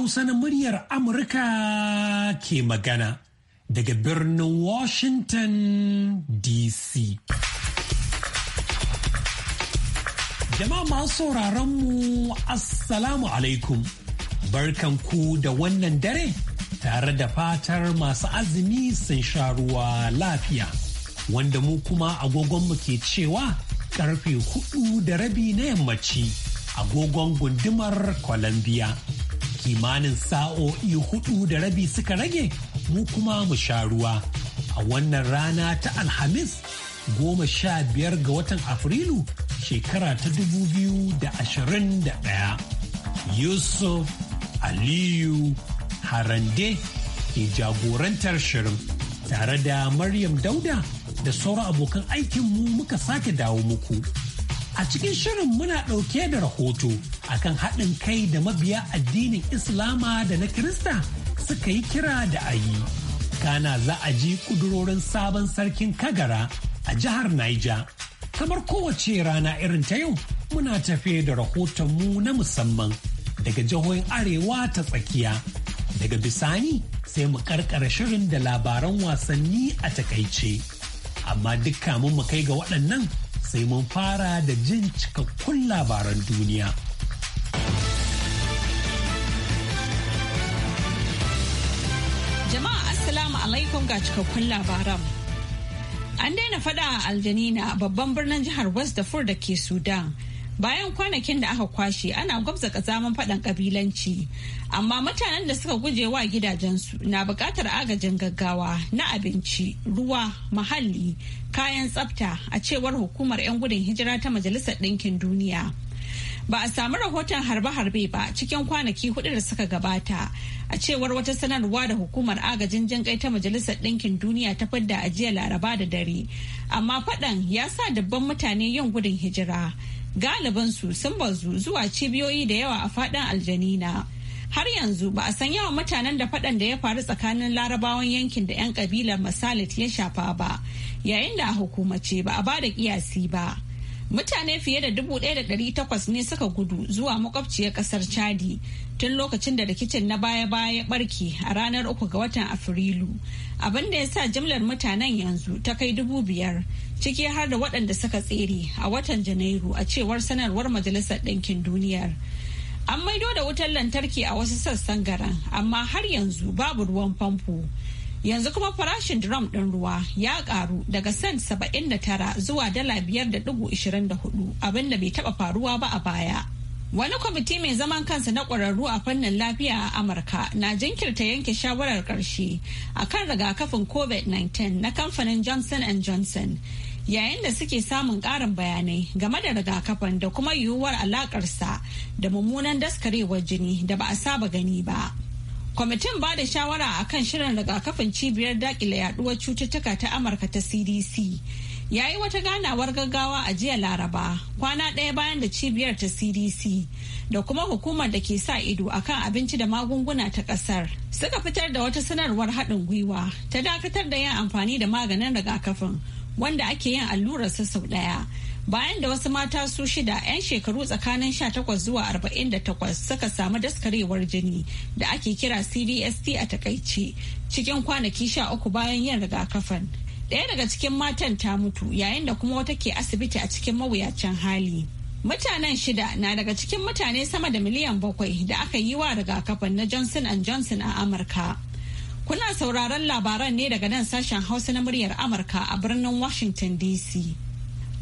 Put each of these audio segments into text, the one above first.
Hausa na muryar Amurka ke magana daga birnin Washington DC. Jama'a masu sauraron mu Assalamu alaikum. Barkanku da wannan dare tare da fatar masu azumi sun sha ruwa lafiya. Wanda mu kuma agogonmu ke cewa karfe hudu da rabi na yammaci agogon gundumar Colombia. kimanin sa'o'i hudu da rabi suka rage mu kuma mu sha ruwa a wannan rana ta alhamis goma sha biyar ga watan afrilu shekara ta dubu biyu da ashirin da ɗaya yusuf aliyu harande ke jagorantar shirin tare da maryam dauda da sauran abokan aikinmu muka sake dawo muku a cikin shirin muna ɗauke da rahoto akan haɗin kai da mabiya addinin Islama da na Kirista suka yi kira da ayi. Kana za a ji kudurorin sabon sarkin Kagara a jihar Niger. Kamar kowace rana irin ta yau muna tafe da rahoton mu na musamman daga jihohin Arewa ta tsakiya. Daga bisani sai mu karkara shirin da labaran wasanni a takaice. Amma dukka mu kai ga waɗannan sai mun fara da jin cikakkun labaran duniya. Jama'a Assalamu alaikum ga cikakkun labaran. An daina fada a Aljanina babban birnin jihar West Darfur da ke Sudan. Bayan kwanakin da aka kwashe ana gwabza kazaman fadan kabilanci, amma mutanen da suka guje wa gidajensu na bukatar agajin gaggawa na abinci, ruwa, muhalli, kayan tsafta a cewar hukumar 'yan gudun hijira ta Majalisar Ɗinkin Duniya. ba a samu rahoton harbe-harbe ba cikin kwanaki hudu da suka gabata a cewar wata sanarwa da hukumar agajin jinƙai ta majalisar ɗinkin duniya ta Fadda a jiya laraba da dare amma faɗan ya sa dabban mutane yin gudun hijira galibin su sun bazu zuwa cibiyoyi da yawa a faɗin aljanina har yanzu ba a san yawan mutanen da faɗan da ya faru tsakanin larabawan yankin da 'yan kabilar masalit ya shafa ba yayin da a hukumace ba a ba da kiyasi ba Mutane fiye da dubu ɗaya da ɗari takwas ne suka gudu zuwa makwabciyar ƙasar Chadi tun lokacin da rikicin na baya-baya barke a ranar uku ga watan Afrilu. Abin da ya sa jimlar mutanen yanzu ta kai dubu biyar ciki har da waɗanda suka tsere a watan Janairu a cewar sanarwar Majalisar Ɗinkin Duniyar. An maido da wutar lantarki a wasu sassan garan amma har yanzu babu ruwan famfo. Yanzu kuma farashin drum ɗin ruwa ya ƙaru daga da tara zuwa dala biyar da 5.24 abinda bai taɓa faruwa ba a baya. Wani kwamiti mai zaman kansa na ƙwararru a fannin lafiya a Amurka na jinkirta yanke shawarar ƙarshe a kan rigakafin COVID-19 na kamfanin Johnson Johnson yayin da suke samun ƙarin bayanai game da rigakafin da kuma yiwuwar alaƙarsa da mummunan daskarewar jini da ba a saba gani ba. kwamitin ba da shawara a kan shirin rigakafin cibiyar dakile yaduwar cututtuka ta amurka ta cdc ya yi wata ganawar gaggawa a jiya laraba kwana ɗaya bayan da cibiyar ta cdc da kuma hukumar da ke sa ido akan abinci da magunguna ta ƙasar suka fitar da wata sanarwar haɗin gwiwa ta dakatar da yin amfani da maganin rigakafin wanda ake yin su sau ɗaya bayan da wasu mata su shida 'yan shekaru tsakanin 18 zuwa 48 suka samu daskarewar jini da ake kira CVST a takaice cikin kwanaki 13 bayan yin rigakafin ɗaya daga cikin matan ta mutu yayin da kuma wata ke asibiti a cikin mawuyacin hali mutanen shida na daga cikin mutane sama da miliyan bakwai da aka yi wa rigakafin na johnson johnson a amurka kuna sauraron labaran ne daga nan sashen hausa na muryar amurka a birnin washington dc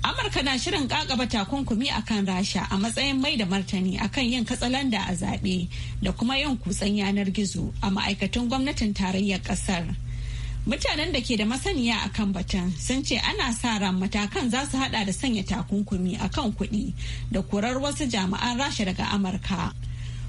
Amurka na shirin kakaba takunkumi a kan Rasha a matsayin mai da martani a kan yin katsalanda a zaɓe da kuma yin kutsen yanar gizo a ma'aikatan gwamnatin tarayyar ƙasar. Mutanen da ke da masaniya a kan batun sun ce ana sa ran matakan za su hada da sanya takunkumi a kan kuɗi da korar wasu jami'an Rasha daga Amurka.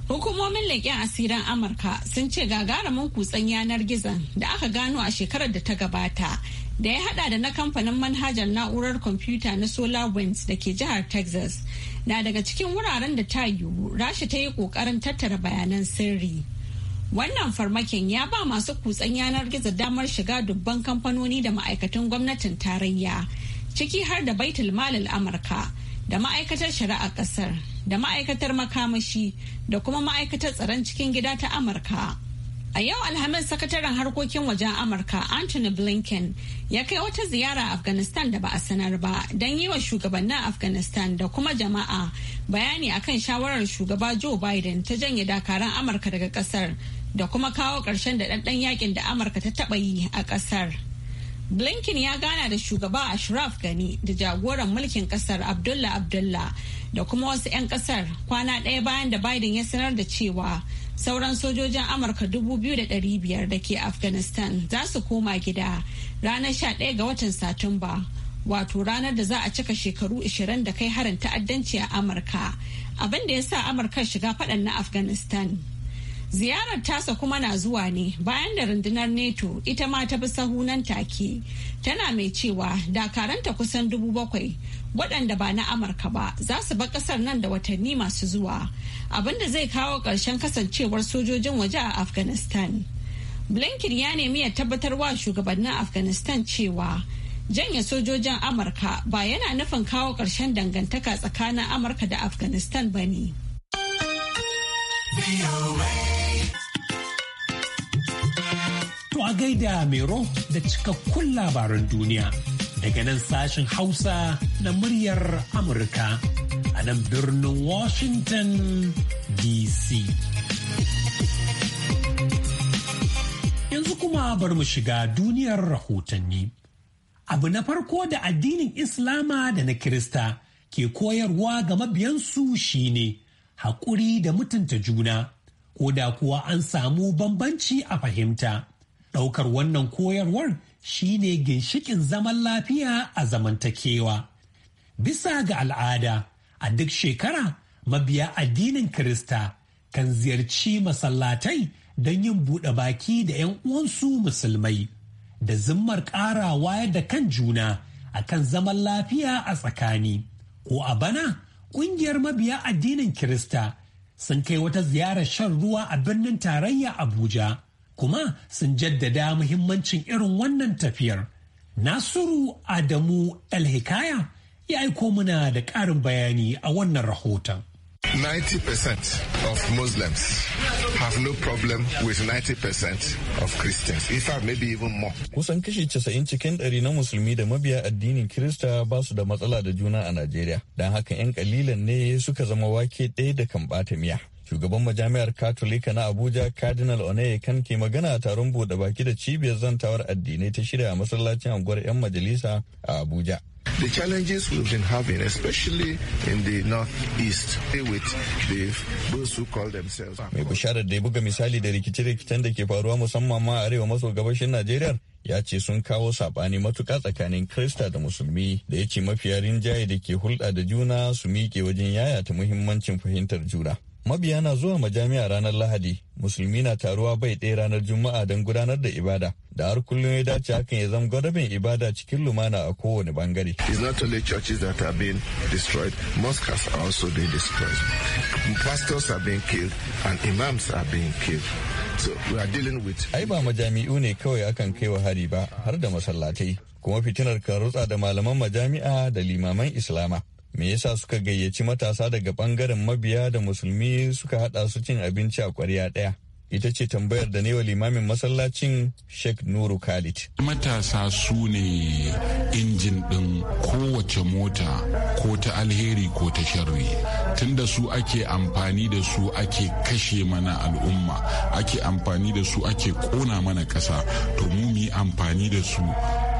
Hukumomin leƙen asirin Amurka sun ce gagarumin kutsen yanar gizon da aka gano a shekarar da ta gabata da ya hada da na kamfanin manhajar na'urar kwamfuta na solarwinds da ke jihar texas na daga cikin wuraren da ta yiwu rasha ta yi kokarin tattara bayanan sirri wannan farmakin ya ba masu kutsen yanar gizo damar shiga dubban kamfanoni da ma'aikatan gwamnatin tarayya ciki har da baitul malil amurka da ma'aikatar shari'a kasar da ma'aikatar makamashi da kuma ma'aikatar tsaron cikin gida ta amurka A yau Alhamis sakataren harkokin wajen Amurka Anthony Blinken ya kai wata ziyara Afghanistan da ba a sanar ba don yi wa shugabannin Afghanistan da kuma jama'a bayani akan shawarar shugaba Joe Biden ta janye dakaran Amurka daga kasar da kuma kawo ƙarshen da ɗanɗan yakin da Amurka ta taɓa yi a kasar. Blinken ya gana da shugaba Ashraf Gani da jagoran mulkin kasar Abdullah Abdullah da kuma wasu 'yan kasar kwana ɗaya bayan da Biden ya sanar da cewa sauran sojojin amurka 2,500 da ke afghanistan za su koma gida ranar 11 ga watan satumba wato ranar da za a cika shekaru 20 da kai harin ta'addanci a amurka abin da ya sa amurka shiga faɗan na afghanistan Ziyarar tasa kuma na zuwa ne bayan da rundunar neto ita ma ta fi sahu nan take. Tana mai cewa dakaranta kusan dubu bakwai waɗanda ba na Amurka ba za su ba ƙasar nan da watanni masu zuwa abinda zai kawo ƙarshen kasancewar sojojin waje a Afghanistan. Blinken ya nemi ya tabbatar wa shugabannin Afghanistan cewa janye sojojin Amurka ba yana nufin kawo ƙarshen dangantaka tsakanin Amurka da Afghanistan ba ne. To a gaida Mero da cikakkun labaran duniya daga nan sashen Hausa na muryar Amurka a nan birnin Washington DC. Yanzu kuma bar mu shiga duniyar rahotanni. Abu na farko da addinin Islama da na Kirista ke koyarwa ga mabiyansu shine haƙuri da mutunta juna, ko da kuwa an samu bambanci a fahimta. Ɗaukar wannan koyarwar shine ginshikin zaman lafiya a zamantakewa. Bisa ga al'ada, a duk shekara mabiya addinin Kirista kan ziyarci masallatai don yin buɗe baki da 'yan uwansu musulmai, da zimmar ƙara wayar da kan juna a kan zaman lafiya a tsakani. Ko a bana, ƙungiyar mabiya addinin Kirista sun kai wata ziyarar shan ruwa a birnin tarayya Abuja. kuma sun jaddada muhimmancin irin wannan tafiyar. Nasiru Adamu El-Hikaya ya aiko muna da ƙarin bayani a wannan rahoton. 90% of Muslims have no problem with 90% of Christians. In fact, maybe even more. Kusan kashi 90 cikin ɗari na musulmi da mabiya addinin Kirista ba su da matsala da juna a Najeriya. Don haka 'yan kalilan ne suka zama wake ɗaya da kan ɓata miya. Shugaban majami'ar Katolika na Abuja Cardinal Oneye kan ke magana a taron buɗe baki da cibiyar zantawar addinai ta shirya a masallacin anguwar 'yan majalisa a Abuja. The challenges we've been having, especially in the northeast, with the, those who call themselves. Mai bisharar da ya buga misali da rikice-rikicen da ke faruwa musamman ma arewa maso gabashin Najeriya ya ce sun kawo saɓani matuƙa tsakanin Krista da Musulmi da ya ce mafiya rinjaye da ke hulɗa da juna su miƙe wajen yayata muhimmancin fahimtar juna. mabiya na zuwa majami'a ranar lahadi musulmi na taruwa bai ɗaya ranar juma'a don gudanar da ibada da har kullum ya dace hakan ya zama gwadabin ibada cikin lumana a kowane bangare. It's not only churches that are being destroyed, mosques are also being destroyed. Pastors are being killed and imams are being killed. with... Ai ba majami'u ne kawai akan kai wa hari ba har da masallatai. Kuma fitinar kan rutsa da malaman majami'a da limaman Islama. me yasa suka gayyaci matasa daga bangaren mabiya da musulmi suka hada su cin abinci a kwarya daya ita ce tambayar da wa limamin masallacin sheikh nuru khalid matasa su ne injin ɗin kowace mota ko ta alheri ko ta sharri tunda su ake amfani da su ake kashe mana al'umma ake amfani da su ake kona mana ƙasa to mu yi amfani da su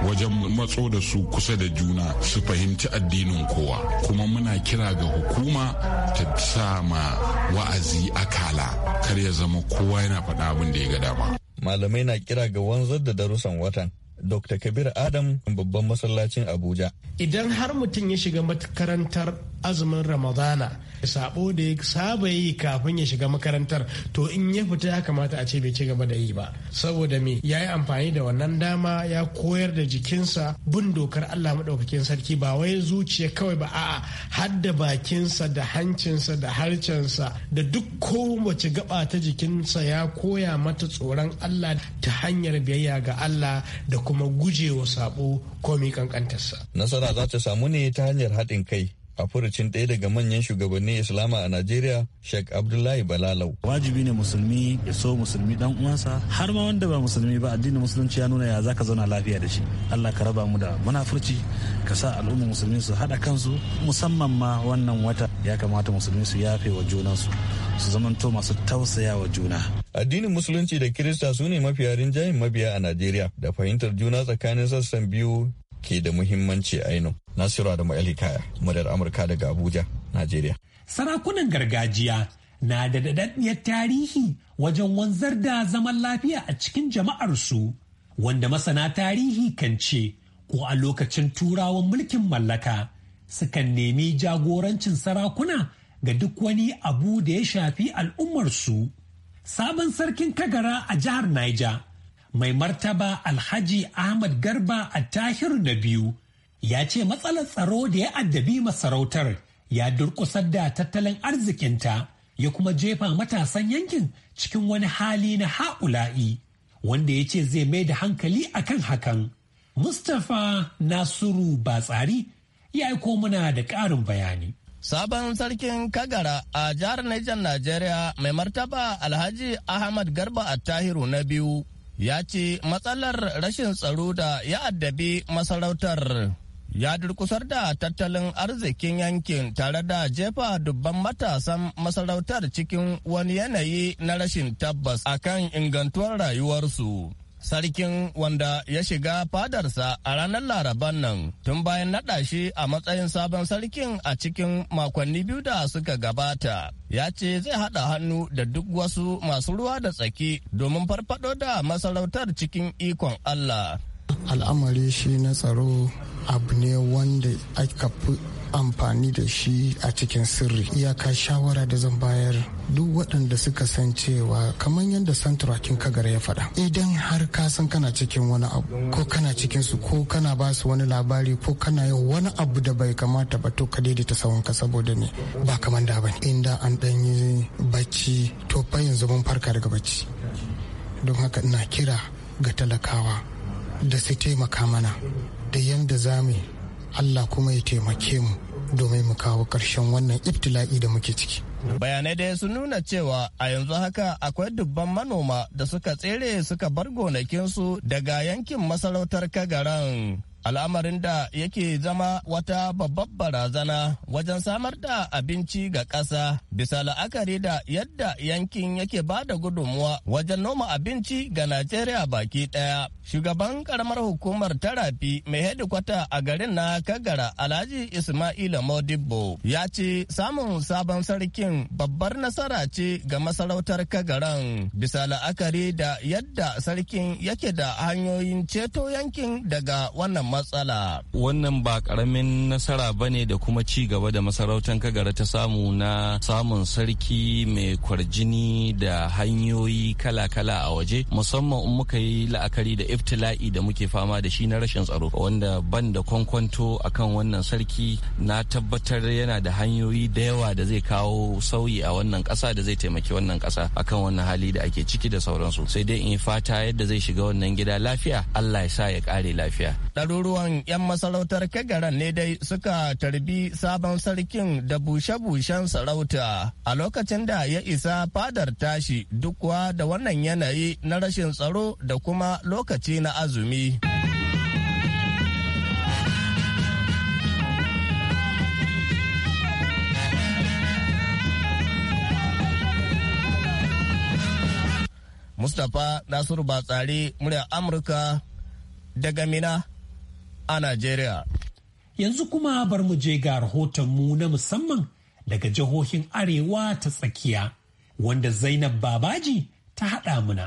wajen matso da su kusa da juna su fahimci addinin kowa kuma muna kira ga hukuma ta sama wa'azi akala kar ya zama kowa yana faɗa abin da ya ga dama malamai na kira ga wanzar da darussan watan dr kabir adam babban masallacin abuja idan har mutum ya shiga makarantar azumin ramadana sabo da ya saba yi kafin ya shiga makarantar to in ya fita ya kamata a ce bai ci gaba da yi ba saboda me ya yi amfani da wannan dama ya koyar da jikinsa bin dokar Allah maɗaukakin sarki ba wai zuciya kawai ba a'a har da bakinsa da hancinsa da harcensa da duk kowace gaba ta jikinsa ya koya mata tsoron Allah ta hanyar biyayya ga Allah da kuma gujewa sabo komi kankantarsa. Nasara za ta samu ne ta hanyar haɗin kai a furucin ɗaya daga manyan shugabannin islama a najeriya sheikh abdullahi balalau wajibi ne musulmi ya so musulmi dan uwansa har ma wanda ba musulmi ba addinin musulunci ya nuna ya zaka zauna lafiya da shi allah ka raba mu da munafurci ka sa al'umma musulmi su haɗa kansu musamman ma wannan wata ya kamata musulmi su yafe wa junansu su zamanto masu tausaya wa juna addinin musulunci da kirista su ne mafiya rinjayen mabiya a najeriya da fahimtar juna tsakanin sassan biyu ke da muhimmanci ainihin. Nasiru Adamu Elikaya, muryar Amurka daga Abuja, Najeriya. Sarakunan gargajiya na da daɗaɗɗiyar tarihi wajen wanzar da zaman lafiya a cikin jama'arsu, wanda masana tarihi kan ce ko a lokacin turawan mulkin mallaka sukan nemi jagorancin sarakuna ga duk wani abu da ya shafi al'ummarsu. Sabon sarkin kagara a jihar Niger. mai martaba alhaji ahmad garba a tahiru na biyu ya ce matsalar tsaro da ya addabi masarautar ya durkusar da tattalin arzikinta ya kuma jefa matasan yankin cikin wani hali na ha'ula'i wanda ya ce zai mai da hankali a kan hakan mustapha nasiru batsari ya aiko muna da ƙarin bayani Sabon sarkin Kagara a jihar Nijar Najeriya mai martaba Alhaji Ahmad Garba a Tahiru na biyu ya ce matsalar rashin tsaro da ya addabi masarautar ya durkusar da tattalin arzikin yankin tare da jefa dubban matasan masarautar cikin wani yanayi na rashin tabbas akan ingantuwar rayuwarsu. Sarkin wanda ya shiga fadarsa a ranar Laraban nan tun bayan naɗa shi a matsayin sabon sarkin a cikin makonni biyu da suka gabata ya ce zai haɗa hannu da duk wasu masu ruwa da tsaki domin farfaɗo da masarautar cikin ikon Allah. Al'amari shi na tsaro abu ne wanda aka fi amfani da shi a cikin sirri iyaka shawara da zan bayar duk waɗanda suka san cewa kamar yadda santurakin kagar ya faɗa idan har ka san kana cikin wani abu ko kana cikin su ko kana ba su wani labari ko kana yau wani abu da bai kamata ba to ka daidaita ka saboda ne. ba kamar da ba inda an ɗan yi bacci to fa yanzu mun farka daga bacci don haka ina kira ga talakawa da su taimaka mana da yadda za mu Allah kuma ya taimake mu domin mu kawo ƙarshen wannan iftilai da muke ciki. Bayanai da sun nuna cewa a yanzu haka akwai dubban manoma da suka tsere suka bar gonakinsu daga yankin masarautar Kagaran al'amarin da yake zama wata babbar barazana wajen samar da abinci ga ƙasa bisa la'akari da yadda yankin yake ba da gudunmuwa wajen noma abinci ga najeriya baki ɗaya shugaban karamar hukumar tarafi mai hedikwata a garin na kagara alhaji ismaila modibo ya ce samun sabon sarkin babbar nasara ce ga masarautar kagaran bisa la'akari da yadda sarkin yake da hanyoyin ceto yankin daga wannan matsala. Wannan ba karamin nasara ba ne da kuma ci gaba da masarautar kagara ta samu na samun sarki mai kwarjini da hanyoyi kala-kala a waje musamman in muka yi la'akari da iftila'i da muke fama da shi na rashin tsaro wanda ban da kwankwanto akan wannan sarki na tabbatar yana da hanyoyi da yawa da zai kawo sauyi a wannan ƙasa da zai taimaki wannan ƙasa akan wannan hali da ake ciki da sauransu sai dai in fata yadda zai shiga wannan gida lafiya Allah ya sa ya kare lafiya. ɗaruruwan 'yan masarautar kagaran ne dai suka tarbi sabon sarkin da bushe-bushen sarauta a lokacin da ya isa fadar tashi duk da wannan yanayi na rashin tsaro da kuma lokaci na azumi. Mustapha Nasiru Batsari, murya Amurka daga Mina a Najeriya. Yanzu kuma bar mu je ga rahoton mu na musamman daga jihohin Arewa ta tsakiya, wanda Zainab Babaji ta haɗa muna.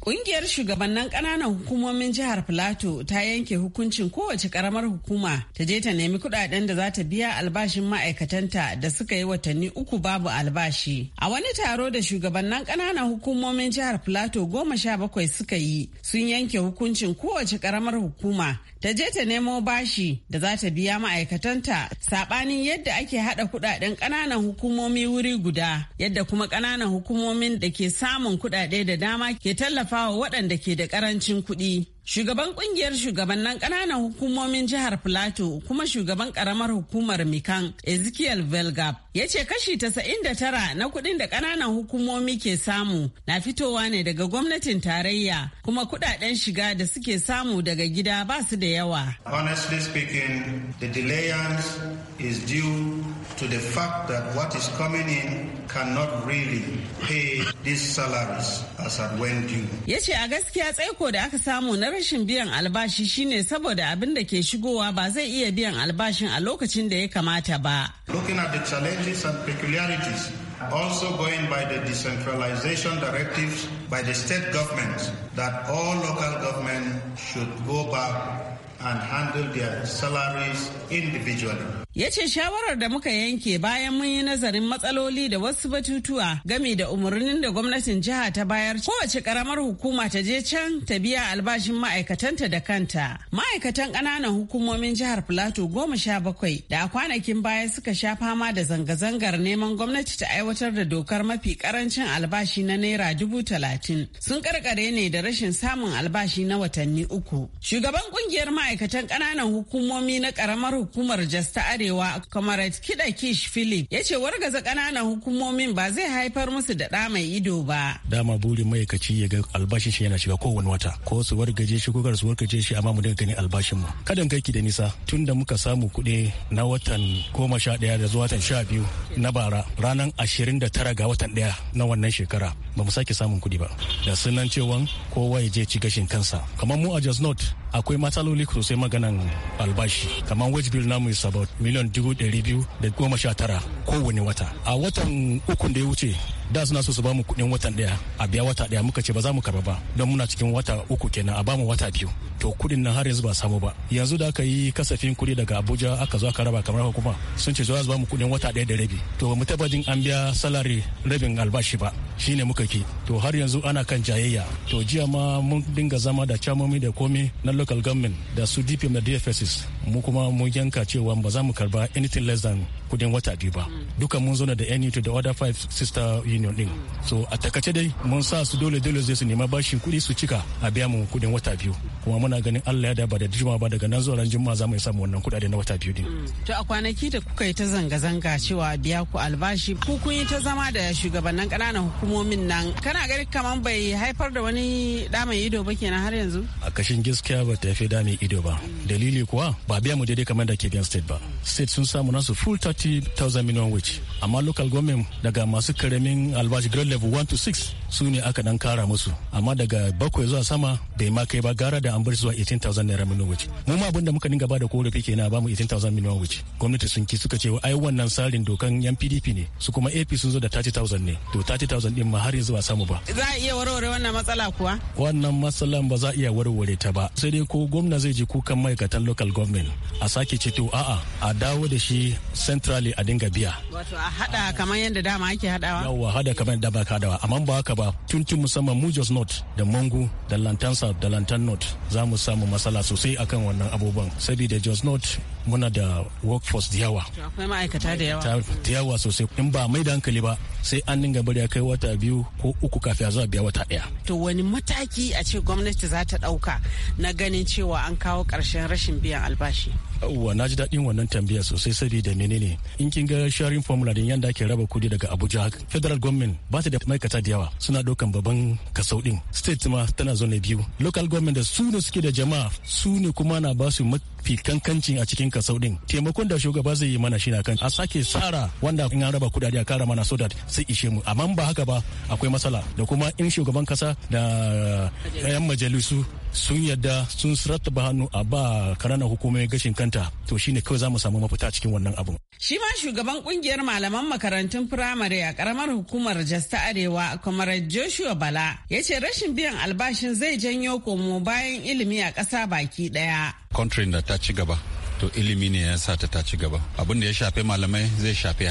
Ƙungiyar shugabannin ƙananan hukumomin jihar Filato ta yanke hukuncin kowace ƙaramar hukuma ta je ta nemi kuɗaɗen da za ta biya albashin ma'aikatanta da suka yi watanni uku babu albashi. A wani taro da shugabannin ƙananan hukumomin jihar Filato goma sha bakwai suka yi sun yanke hukuncin kowace ƙaramar hukuma ta je ta nemo bashi da za ta biya ma'aikatanta saɓanin yadda ake haɗa kuɗaɗen ƙananan hukumomi wuri guda yadda kuma ƙananan hukumomin da ke samun kuɗaɗe da dama ke tallafa wa waɗanda ke da ƙarancin kuɗi. Shugaban kungiyar shugabannin ƙananan hukumomin jihar plato kuma shugaban karamar hukumar Mikan Ezekiel Velgab ya ce kashi 99 na kudin da kananan hukumomi ke samu na fitowa ne daga gwamnatin tarayya kuma kudaden shiga da suke samu daga gida ba su da yawa. Honestly speaking, the delayance is due to the fact that what is coming in cannot really pay these salaries as at when due. Ya ce a gaskiya tsaiko da aka samu na rashin biyan albashi shine saboda abin da ke shigowa ba zai iya biyan albashin a lokacin da ya kamata ba. Looking at the challenges and peculiarities also going by the decentralization directives by the state government that all local government should go back and handle their salaries individually. ya ce shawarar da muka yanke bayan mun yi nazarin matsaloli da wasu batutuwa game da umarnin da gwamnatin jiha ta bayar kowace karamar hukuma ta je can ta biya albashin ma'aikatanta da kanta ma'aikatan ƙananan hukumomin jihar plateau goma sha bakwai da a kwanakin baya suka sha fama da zanga-zangar neman gwamnati ta aiwatar da dokar mafi karancin albashi na naira dubu talatin sun karkare ne da rashin samun albashi na watanni uku shugaban kungiyar ma'aikatan ƙananan hukumomi na karamar hukumar jasta are arewa comrade kida kish philip ya ce wargaza ƙananan hukumomin ba zai haifar musu da ɗa mai ido ba dama burin ma'aikaci ya ga albashin shi yana shiga kowane wata ko su wargaje shi ko su wargaje shi amma mu daga ganin albashin mu kadan kai ki da nisa tun da muka samu kuɗi na watan goma sha ɗaya da zuwa watan sha biyu na bara ranar ashirin da tara ga watan ɗaya na wannan shekara ba mu sake samun kuɗi ba da sunan cewa kowa ya je ci gashin kansa kamar mu a jos not akwai matsaloli sosai maganan albashi kamar wage bill namu is about miliyan dubu ɗari biyu da goma sha tara kowane wata a watan ukun da ya wuce da suna so su bamu kuɗin watan ɗaya a biya wata ɗaya muka ce ba za mu karba ba don muna cikin wata uku kenan a bamu wata biyu to kuɗin nan har yanzu ba samu ba yanzu da aka yi kasafin kuɗi daga abuja aka zo aka raba kamar haka kuma sun ce za su bamu kuɗin wata ɗaya da rabi to mu tabbajin an biya salari rabin albashi ba shine muka ke to har yanzu ana kan jayayya to jiya ma mun dinga zama da camomi da komi na local government da su dpm da dfss mu kuma mun yanka cewa ba za mu karba anything less than kudin wata biyu ba mm. duka mun zauna da any to the other five sister union din mm. so a takace dai mun sa su dole dole zai su nema bashin kudi su cika a biya mu kudin wata biyu kuma muna ganin Allah ya da ba da juma ba daga nan zuwa ran za mu samu wannan kudade na wata biyu din mm. to a kwanaki da kuka yi ta zanga zanga cewa biya ku albashi ku kun yi ta zama da shugabannin kananan hukumomin nan kana gani kamar bai haifar da wani da mai ido ba kenan har yanzu a kashin gaskiya ba ta fi da mai ido ba dalili kuwa ba ba biya mu daidai kamar da ke biyan state ba state sun samu nasu full 30,000 million wage amma local government daga masu karamin albashi grade level 1 to 6 su ne aka dan kara musu amma daga bakwai zuwa sama bai ma kai ba gara da an bar zuwa 18,000 naira million wage mu ma abin da muka dinga ba da korafi kenan ba mu 18,000 million wage gwamnati sun ki suka ce ai wannan tsarin dokan yan PDP ne su kuma AP sun zo da 30,000 ne to 30,000 din ma har yanzu ba samu ba za a iya warware wannan matsala kuwa wannan matsalan ba za a iya warware ta ba sai dai ko gwamna zai ji kukan ma'aikatan local government a sake ceto a'a a dawo da shi centrally a dinga biya wato a hada kamar yadda dama ake hadawa yawa hada kamar yadda ba hadawa amma ba haka ba tuntun musamman mu jos north da mangu da lantern south da lantan north za mu samu matsala sosai akan wannan abubuwan saboda jos north muna da workforce da yawa akwai ma'aikata da yawa da sosai in ba mai da hankali ba sai an dinga bari a kai wata biyu ko uku kafin a zuwa biya wata daya to wani mataki a ce gwamnati za ta dauka na ganin cewa an kawo karshen rashin biyan albashi bashi wa na ji daɗin wannan tambaya sosai saboda menene in kin ga sharing formula din yanda ake raba kudi daga abuja federal government ba ta da ma'aikata da yawa suna ɗaukan babban kasau din state ma tana zone biyu local government da su ne suke da jama'a su ne kuma na ba su fikankancin a cikin kasau din taimakon da shugaba zai yi mana shi na kan a sake tsara wanda in an raba kudade a kara mana so that sai ishe mu amma ba haka ba akwai matsala da kuma in shugaban kasa da yan majalisu sun yadda sun ba hannu a ba karana hukumomi gashin kanta to shine kawai za mu samu mafita cikin wannan abu. Shi ma shugaban kungiyar malaman makarantun firamare a karamar hukumar Jas Arewa kamar Joshua Bala ya ce rashin biyan albashin zai janyo komo bayan ilimi a kasa baki daya Country that ta ci gaba to ilimi ne ya sa ta ta ci gaba abin da ya shafe malamai zai shafe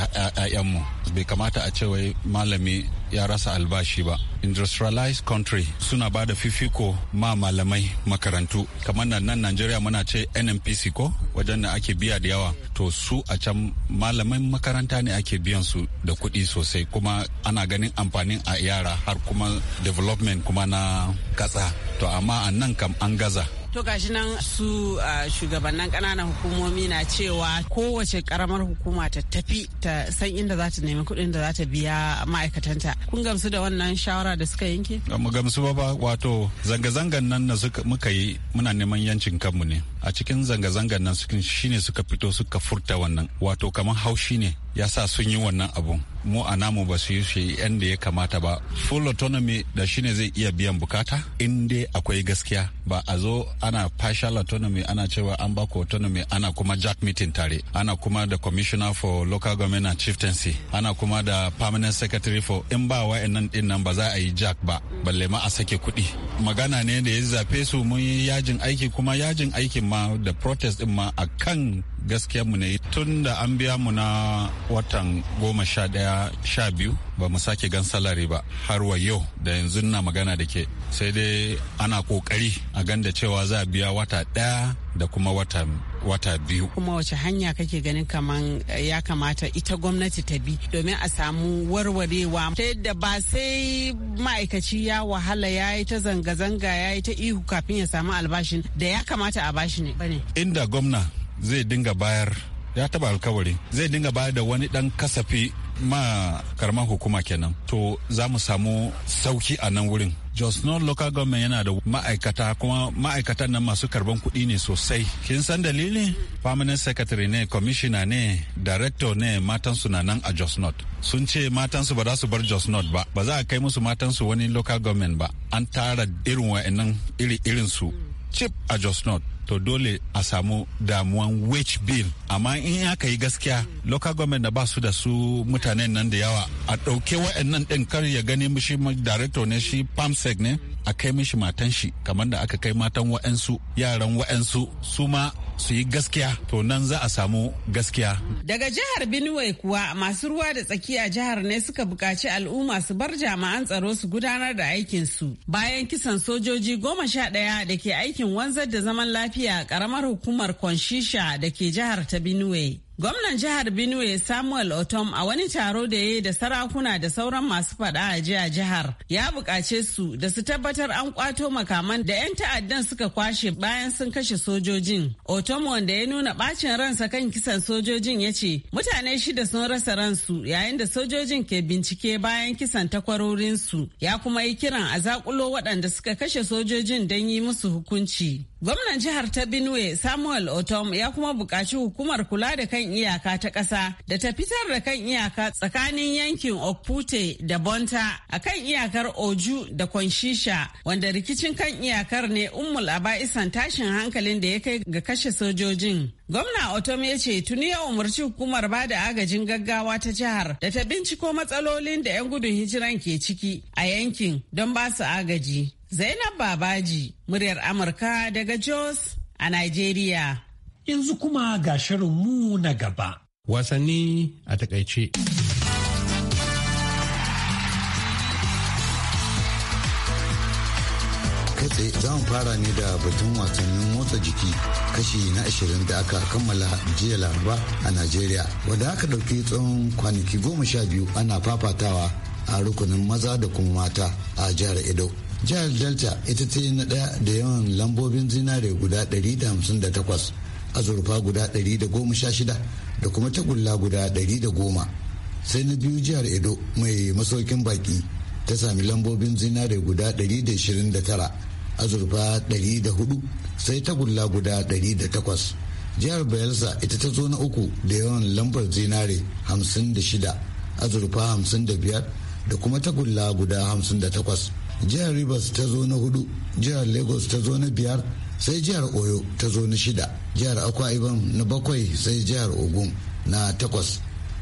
mu bai kamata a ce cewa malami ya rasa albashi ba industrialized country suna ba da fifiko ma malamai makarantu kamar nan nan najeriya muna ce nnpc ko wajen da ake biya da yawa to su a can malaman makaranta ne ake biyan su da kuɗi sosai kuma ana ganin amfanin a yara har kuma development kuma na katsa to amma a nan kam an gaza To gashi nan su shugabannin kananan hukumomi na cewa kowace karamar hukuma ta tafi ta san inda za ta nemi kuɗin da za ta biya ma'aikatanta. Kun gamsu da wannan shawara da suka yanke? Mu gamsu ba wato zanga-zangan nan na muka yi muna neman yancin kanmu ne. a cikin zanga zangan nan sukin shine suka fito suka furta wannan wato kamar haushi ne ya sa sun yi wannan abun mu a namu ba su yi shi da ya kamata ba full autonomy da shine zai iya biyan bukata in dai akwai gaskiya ba a zo ana partial autonomy ana cewa an ba ku autonomy ana kuma jack meeting tare ana kuma da commissioner for local government and chieftaincy ana kuma da permanent secretary for in ba wa'annan din nan ba za a yi jack ba balle ma a sake kuɗi magana ne da ya zafe su mun yi yajin aiki kuma yajin aikin ma da protest din ma a kan gaskiyarmu ne tun da an biya mu na watan goma sha daya sha biyu ba mu sake gan salari ba har wa yau da yanzu na magana da ke sai dai ana kokari a ganda cewa za a biya wata daya da kuma watan wata biyu kuma wace hanya kake ganin kaman eh, ya kamata ita gwamnati ta bi domin a samu warwarewa ta yadda ba sai ma'aikaci ya wahala ya yi ta zanga-zanga ya yi ta ihu kafin ya samu albashin da ya kamata a bashi ne bane inda gwamna zai dinga bayar ya taba alkawari zai dinga bayar da wani dan kasafi ma karamar hukuma kenan to za mu samu sauki a nan wurin Jos North Local Government yana da ma'aikata kuma ma'aikatan nan masu karban kuɗi ne sosai. Kin san dalili? Permanent Secretary ne, Commissioner ne, Director ne matansu na nan a Jos North. Sun ce matansu ba za su bar Jos North ba, ba za a kai musu matansu wani local government ba. An tara irin wa'annan iri irin su. Chip a Jos North. to dole a samu damuwan wage bill amma in aka yi gaskiya local government da ba su da su mutane nan da yawa a ɗauke wa'annan ɗin kar ya gani mishi director ne shi pamsec ne a kai mishi matan shi kamar da aka kai matan wa'ansu yaran wa'ansu su ma su yi gaskiya to nan za a samu gaskiya. Daga jihar Benue kuwa masu ruwa da tsakiya jihar ne suka bukaci al'umma su bar jami'an tsaro su gudanar da aikin su bayan kisan sojoji goma sha ɗaya da ke aikin wanzar da zaman lafiya lafiya karamar hukumar Konshisha da ke jihar ta Benue. Gwamnan jihar Benue Samuel Otom a wani taro da ya yi da sarakuna da sauran masu faɗa a jiya jihar ya buƙace su da su tabbatar an kwato makaman da 'yan ta'addan suka kwashe bayan sun kashe sojojin. Otom wanda ya nuna bacin ransa kan kisan sojojin ya ce mutane shida sun rasa ransu yayin da sojojin ke bincike bayan kisan takwarorinsu ya kuma yi kiran a zakulo waɗanda suka kashe sojojin don yi musu hukunci. Gwamnan jihar ta Benue Samuel Otom ya kuma buƙaci hukumar kula da kan iyaka ta ƙasa da ta fitar da kan iyaka tsakanin yankin Okpute da Bonta a kan iyakar Oju da Konshisha wanda rikicin kan iyakar ne ummul aba'isan tashin hankalin da ya kai ga kashe sojojin. Gwamna Otom ya ce tuni ya umarci hukumar ba da agajin gaggawa ta jihar da ta binciko matsalolin da 'yan gudun hijiran ke ciki a yankin don ba su agaji. Zainab Babaji, muryar Amurka daga Jos a Najeriya. Yanzu kuma ga mu na gaba. Wasanni a takaice. kai zamu za mu fara ne da batun wasannin motsa jiki kashi na ashirin da aka kammala jiya laraba a najeriya wadda aka ɗauki tsawon kwanaki goma sha biyu ana fafatawa a rukunin maza da kuma mata a jihar edo jihar delta ita ce na ɗaya da yawan lambobin zinare guda 158 azurfa guda 116 da kuma tagulla guda 110 sai na biyu jihar edo mai masaukin baki ta sami lambobin zinare guda 129 azurfa 104 sai tagulla guda 108 jihar bayelsa ita ta zo na uku da yawan lambar zinare 56 azurfa 55 da kuma tagulla guda jihar rivers ta zo na hudu jihar lagos ta zo na biyar sai jihar oyo ta zo na shida jihar akwa ibom na bakwai sai jihar ogun na takwas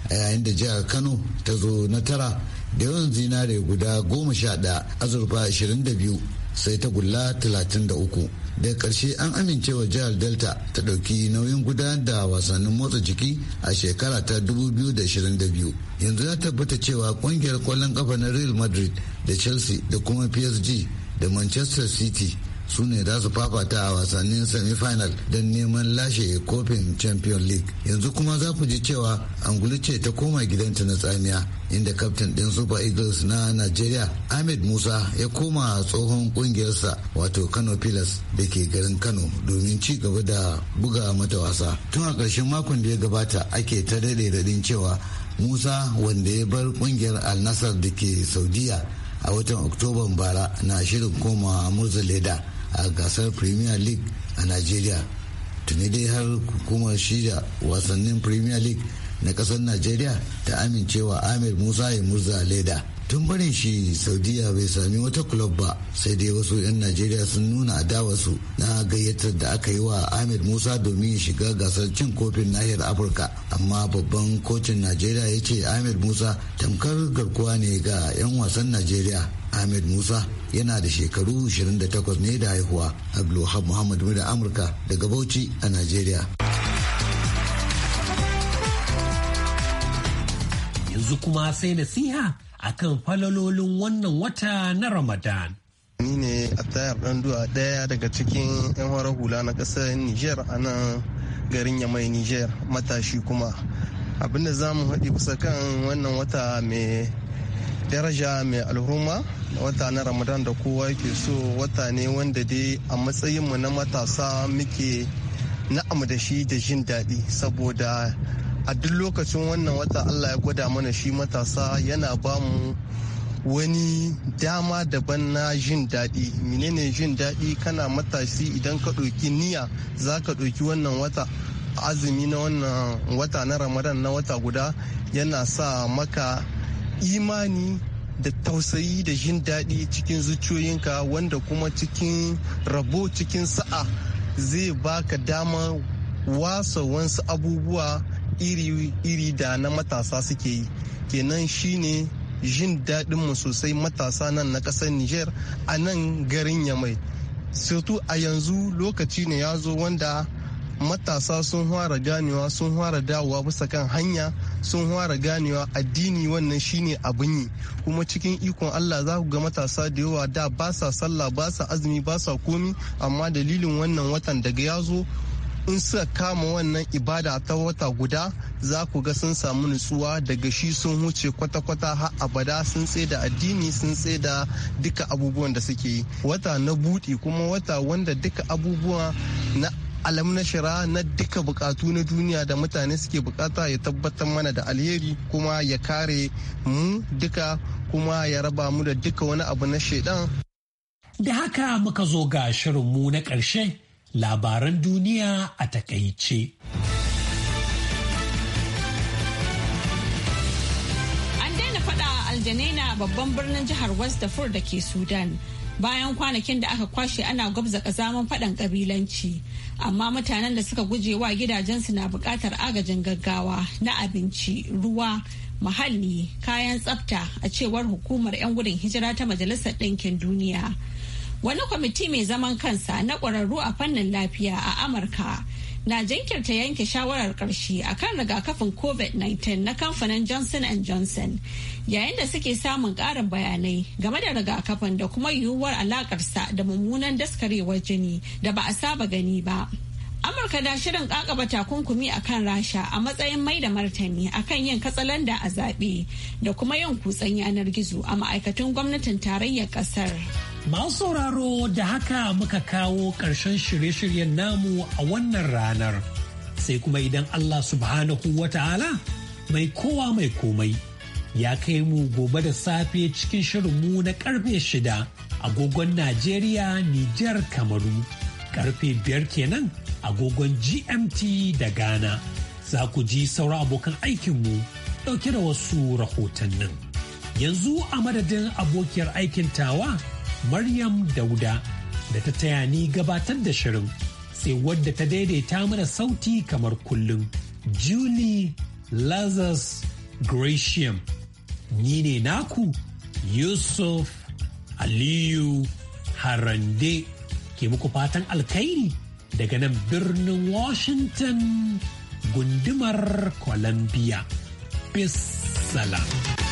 a yayin da jihar kano ta zo na tara da yawan zinare guda goma sha ɗaya azurfa ashirin da biyu sai ta gulla talatin da uku daga ƙarshe an amincewa jihar delta ta ɗauki nauyin gudanar da wasannin motsa jiki a shekara ta 2022 yanzu ya tabbata cewa ƙungiyar kwallon ƙafa na real madrid da chelsea da kuma psg da manchester city su ne za su fafata a wasannin semifinal don neman lashe kofin champion league yanzu kuma za ku ji cewa angulice ta koma gidanta na tsamiya inda kaftin ɗin super eagles na nigeria ahmed musa ya koma tsohon ƙungiyarsa wato kano pilas da ke garin kano domin ci gaba da buga mata wasa tun a ƙarshen makon da ya gabata ake ta daɗe daɗin cewa musa wanda ya bar ƙungiyar al-nasar da ke saudiya a watan oktoban bara na shirin koma murza leda a gasar premier league a nigeria tuni dai har hukumar shida wasannin premier league na kasar nigeria ta amincewa Amir musa ya murza leda tun barin shi saudiya bai sami wata kulob ba sai dai wasu 'yan najeriya sun nuna adawarsu na gayyatar da aka yi wa Amir musa domin shiga gasar cin kofin nahiyar afirka amma babban kocin najeriya ya ce Amir musa tamkar garkuwa ne ga 'yan wasan najeriya ahmed musa yana da shekaru 28 ne da haihuwa abdulwahab muhammad da amurka daga bauchi a Najeriya. yanzu kuma sai nasiha kan falalolin wannan wata na ramadan ni ne a tayar ɗan duwa ɗaya daga cikin 'yan warar hula na ƙasar niger a nan garin yamai niger matashi kuma abinda za mu haɗi kusa kan wannan wata mai daraja mai alhurma wata na ramadan da kowa yake so wata ne wanda dai a matsayinmu na matasa muke na'amu da shi da jin daɗi saboda a duk lokacin wannan wata allah ya gwada mana shi matasa yana ba mu wani dama daban na jin daɗi menene jin daɗi kana matashi idan ka ɗauki niyya za ka ɗauki wannan wata azumi na wannan wata na ramadan na wata guda yana sa maka imani da tausayi da jin daɗi cikin zuciyoyinka wanda kuma cikin rabo cikin sa'a zai baka dama wasa wasu abubuwa iri-iri da na matasa suke yi kenan shine jin mu sosai matasa nan na ƙasar niger a nan garin yamai sautu a yanzu lokaci ne ya zo wanda matasa sun fara ganewa sun fara dawowa bisa kan hanya sun fara ganewa addini wannan shine abin yi kuma cikin ikon Allah za ku ga matasa da yawa da ba sa sallah ba sa azumi ba sa komi amma dalilin wannan watan daga ya zo in suka kama wannan ibada ta wata guda za ku ga sun samu nutsuwa daga shi sun huce kwata-kwata har abada sun da addini sun da duka abubuwan da suke yi wata na buɗi kuma wata wanda duka abubuwa na alam na shira na duka bukatu na duniya da mutane suke bukata ya tabbatar mana da alheri kuma ya kare mu duka kuma ya raba mu da duka wani abu na shaidan. Da haka muka zo ga mu na ƙarshe labaran duniya a takaice. An daina faɗa a Aljanena babban birnin jihar West da ke Sudan. bayan kwanakin da aka kwashe ana gwabza kazaman faɗan ƙabilanci amma mutanen da suka guje wa gidajensu na buƙatar agajin gaggawa na abinci ruwa muhalli kayan tsafta a cewar hukumar 'yan gudun hijira ta majalisar ɗinkin duniya wani kwamiti mai zaman kansa na ƙwararru a fannin lafiya a amurka na jinkirta yanke shawarar ƙarshe akan rigakafin covid-19 na kamfanin johnson johnson yayin da suke samun ƙarin bayanai game da rigakafin da kuma yiwuwar alakarsa da mummunan daskarewar jini da ba a saba gani ba amurka da shirin kakaba takunkumi a kan rasha a matsayin mai da martani akan yin katsalanda a zaɓe da kuma yin kutsen yanar gizo a ma'aikatan gwamnatin tarayyar ƙasar. Masu sauraro da haka muka kawo ƙarshen shirye-shiryen namu a wannan ranar. Sai kuma idan Allah subhanahu wa ta'ala mai kowa mai komai ya kai mu gobe da safe cikin shirinmu na karfe shida agogon Najeriya, Nijar, Kamaru. Karfe biyar kenan agogon GMT da Ghana. Za ku ji sauran abokan aikinmu ɗauke da wasu rahotannin. Yanzu a madadin abokiyar aikin tawa. Maryam Dauda da ta taya ni gabatar da shirin sai wadda ta daidaita mana sauti kamar kullum Julie Lazarus Gratiam. Ni ne naku Yusuf Aliyu Harande ke muku fatan alkhairi daga nan birnin Washington gundumar Columbia. Peace. Salam.